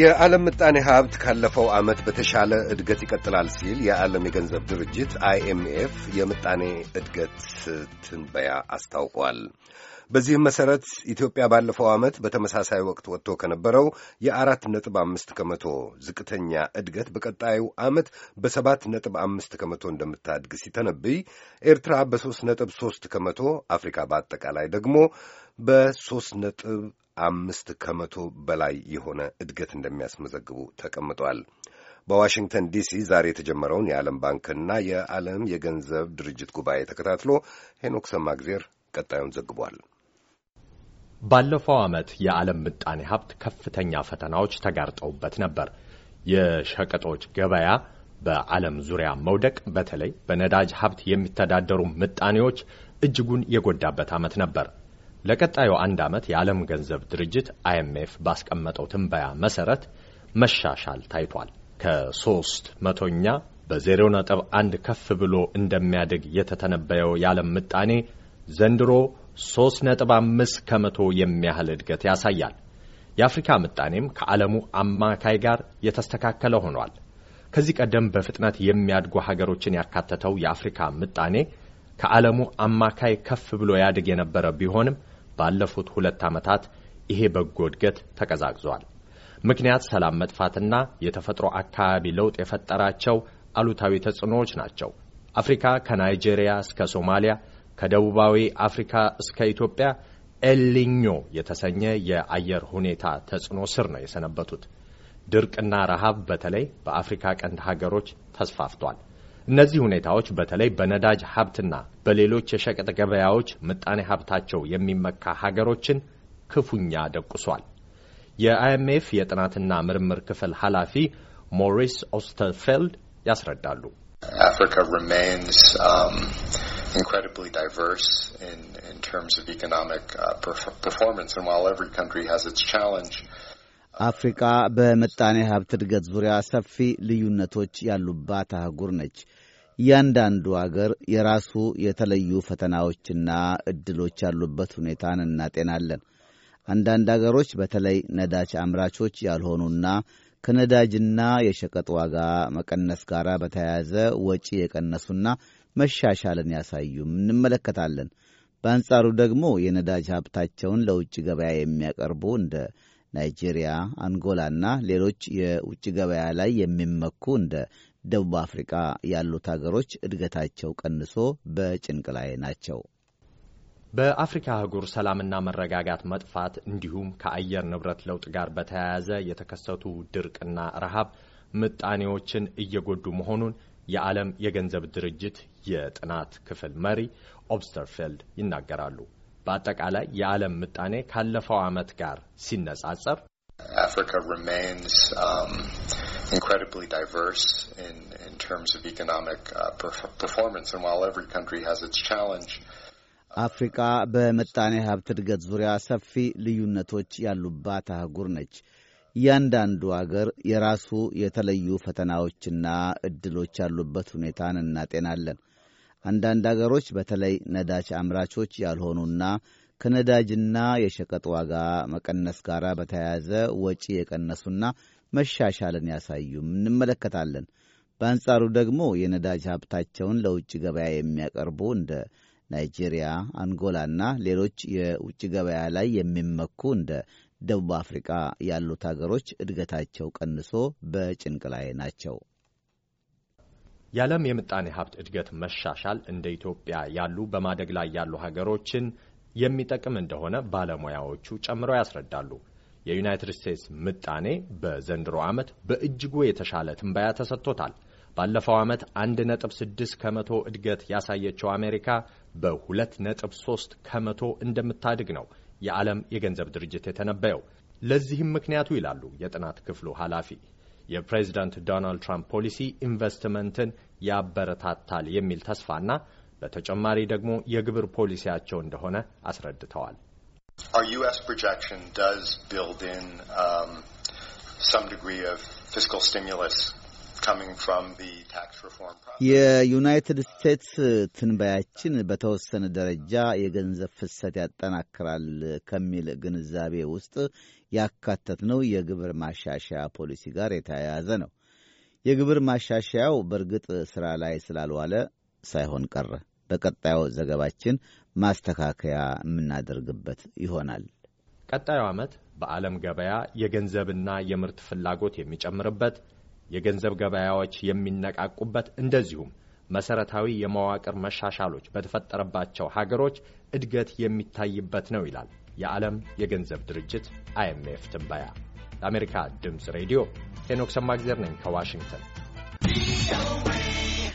የዓለም ምጣኔ ሀብት ካለፈው ዓመት በተሻለ እድገት ይቀጥላል ሲል የዓለም የገንዘብ ድርጅት አይኤምኤፍ የምጣኔ እድገት ትንበያ አስታውቋል። በዚህም መሠረት ኢትዮጵያ ባለፈው ዓመት በተመሳሳይ ወቅት ወጥቶ ከነበረው የአራት ነጥብ አምስት ከመቶ ዝቅተኛ እድገት በቀጣዩ ዓመት በሰባት ነጥብ አምስት ከመቶ እንደምታድግ ሲተነብይ ኤርትራ በሦስት ነጥብ ሦስት ከመቶ አፍሪካ በአጠቃላይ ደግሞ በሦስት ነጥብ አምስት ከመቶ በላይ የሆነ እድገት እንደሚያስመዘግቡ ተቀምጧል። በዋሽንግተን ዲሲ ዛሬ የተጀመረውን የዓለም ባንክና የዓለም የገንዘብ ድርጅት ጉባኤ ተከታትሎ ሄኖክ ሰማግዜር ቀጣዩን ዘግቧል። ባለፈው ዓመት የዓለም ምጣኔ ሀብት ከፍተኛ ፈተናዎች ተጋርጠውበት ነበር። የሸቀጦች ገበያ በዓለም ዙሪያ መውደቅ በተለይ በነዳጅ ሀብት የሚተዳደሩ ምጣኔዎች እጅጉን የጎዳበት ዓመት ነበር። ለቀጣዩ አንድ ዓመት የዓለም ገንዘብ ድርጅት አይኤምኤፍ ባስቀመጠው ትንበያ መሰረት መሻሻል ታይቷል። ከሶስት መቶኛ በዜሮ ነጥብ አንድ ከፍ ብሎ እንደሚያድግ የተተነበየው የዓለም ምጣኔ ዘንድሮ ሶስት ነጥብ አምስት ከመቶ የሚያህል እድገት ያሳያል። የአፍሪካ ምጣኔም ከዓለሙ አማካይ ጋር የተስተካከለ ሆኗል። ከዚህ ቀደም በፍጥነት የሚያድጉ ሀገሮችን ያካተተው የአፍሪካ ምጣኔ ከዓለሙ አማካይ ከፍ ብሎ ያድግ የነበረ ቢሆንም ባለፉት ሁለት ዓመታት ይሄ በጎ እድገት ተቀዛቅዟል። ምክንያት ሰላም መጥፋትና የተፈጥሮ አካባቢ ለውጥ የፈጠራቸው አሉታዊ ተጽዕኖዎች ናቸው። አፍሪካ ከናይጄሪያ እስከ ሶማሊያ ከደቡባዊ አፍሪካ እስከ ኢትዮጵያ ኤልኞ የተሰኘ የአየር ሁኔታ ተጽዕኖ ስር ነው የሰነበቱት። ድርቅና ረሃብ በተለይ በአፍሪካ ቀንድ ሀገሮች ተስፋፍቷል። እነዚህ ሁኔታዎች በተለይ በነዳጅ ሀብትና በሌሎች የሸቀጥ ገበያዎች ምጣኔ ሀብታቸው የሚመካ ሀገሮችን ክፉኛ ደቁሷል። የአይኤምኤፍ የጥናትና ምርምር ክፍል ኃላፊ ሞሪስ ኦስተርፌልድ ያስረዳሉ። አፍሪካ ሪሜይንስ incredibly diverse in, in terms of economic uh, performance. And while every country has its challenge, አፍሪካ uh, በምጣኔ ሀብት እድገት ዙሪያ ሰፊ ልዩነቶች ያሉባት አህጉር ነች። እያንዳንዱ አገር የራሱ የተለዩ ፈተናዎችና እድሎች ያሉበት ሁኔታን እናጤናለን። አንዳንድ አገሮች በተለይ ነዳጅ አምራቾች ያልሆኑና ከነዳጅና የሸቀጥ ዋጋ መቀነስ ጋር በተያያዘ ወጪ የቀነሱና መሻሻልን ያሳዩም እንመለከታለን። በአንጻሩ ደግሞ የነዳጅ ሀብታቸውን ለውጭ ገበያ የሚያቀርቡ እንደ ናይጄሪያ፣ አንጎላና ሌሎች የውጭ ገበያ ላይ የሚመኩ እንደ ደቡብ አፍሪካ ያሉት አገሮች እድገታቸው ቀንሶ በጭንቅ ላይ ናቸው። በአፍሪካ አህጉር ሰላምና መረጋጋት መጥፋት እንዲሁም ከአየር ንብረት ለውጥ ጋር በተያያዘ የተከሰቱ ድርቅና ረሃብ ምጣኔዎችን እየጎዱ መሆኑን የዓለም የገንዘብ ድርጅት የጥናት ክፍል መሪ ኦብስተርፌልድ ይናገራሉ። በአጠቃላይ የዓለም ምጣኔ ካለፈው ዓመት ጋር ሲነጻጸር um, uh, አፍሪካ በምጣኔ ሀብት እድገት ዙሪያ ሰፊ ልዩነቶች ያሉባት አህጉር ነች። እያንዳንዱ አገር የራሱ የተለዩ ፈተናዎችና እድሎች ያሉበት ሁኔታን እናጤናለን። አንዳንድ አገሮች በተለይ ነዳጅ አምራቾች ያልሆኑና ከነዳጅና የሸቀጥ ዋጋ መቀነስ ጋር በተያያዘ ወጪ የቀነሱና መሻሻልን ያሳዩም እንመለከታለን። በአንጻሩ ደግሞ የነዳጅ ሀብታቸውን ለውጭ ገበያ የሚያቀርቡ እንደ ናይጄሪያ፣ አንጎላና ሌሎች የውጭ ገበያ ላይ የሚመኩ እንደ ደቡብ አፍሪቃ ያሉት አገሮች እድገታቸው ቀንሶ በጭንቅ ላይ ናቸው። የዓለም የምጣኔ ሀብት እድገት መሻሻል እንደ ኢትዮጵያ ያሉ በማደግ ላይ ያሉ ሀገሮችን የሚጠቅም እንደሆነ ባለሙያዎቹ ጨምረው ያስረዳሉ። የዩናይትድ ስቴትስ ምጣኔ በዘንድሮ ዓመት በእጅጉ የተሻለ ትንበያ ተሰጥቶታል። ባለፈው ዓመት 1.6 ከመቶ እድገት ያሳየችው አሜሪካ በ2.3 ከመቶ እንደምታድግ ነው የዓለም የገንዘብ ድርጅት የተነበየው። ለዚህም ምክንያቱ ይላሉ የጥናት ክፍሉ ኃላፊ የፕሬዚዳንት ዶናልድ ትራምፕ ፖሊሲ ኢንቨስትመንትን ያበረታታል የሚል ተስፋና በተጨማሪ ደግሞ የግብር ፖሊሲያቸው እንደሆነ አስረድተዋል። የዩናይትድ ስቴትስ ትንበያችን በተወሰነ ደረጃ የገንዘብ ፍሰት ያጠናክራል ከሚል ግንዛቤ ውስጥ ያካተትነው የግብር ማሻሻያ ፖሊሲ ጋር የተያያዘ ነው። የግብር ማሻሻያው በእርግጥ ሥራ ላይ ስላልዋለ ሳይሆን ቀረ። በቀጣዩ ዘገባችን ማስተካከያ የምናደርግበት ይሆናል። ቀጣዩ ዓመት በዓለም ገበያ የገንዘብና የምርት ፍላጎት የሚጨምርበት የገንዘብ ገበያዎች የሚነቃቁበት እንደዚሁም መሰረታዊ የመዋቅር መሻሻሎች በተፈጠረባቸው ሀገሮች እድገት የሚታይበት ነው ይላል የዓለም የገንዘብ ድርጅት አይኤምኤፍ ትንበያ። ለአሜሪካ ድምፅ ሬዲዮ ሄኖክ ሰማግዜር ነኝ ከዋሽንግተን።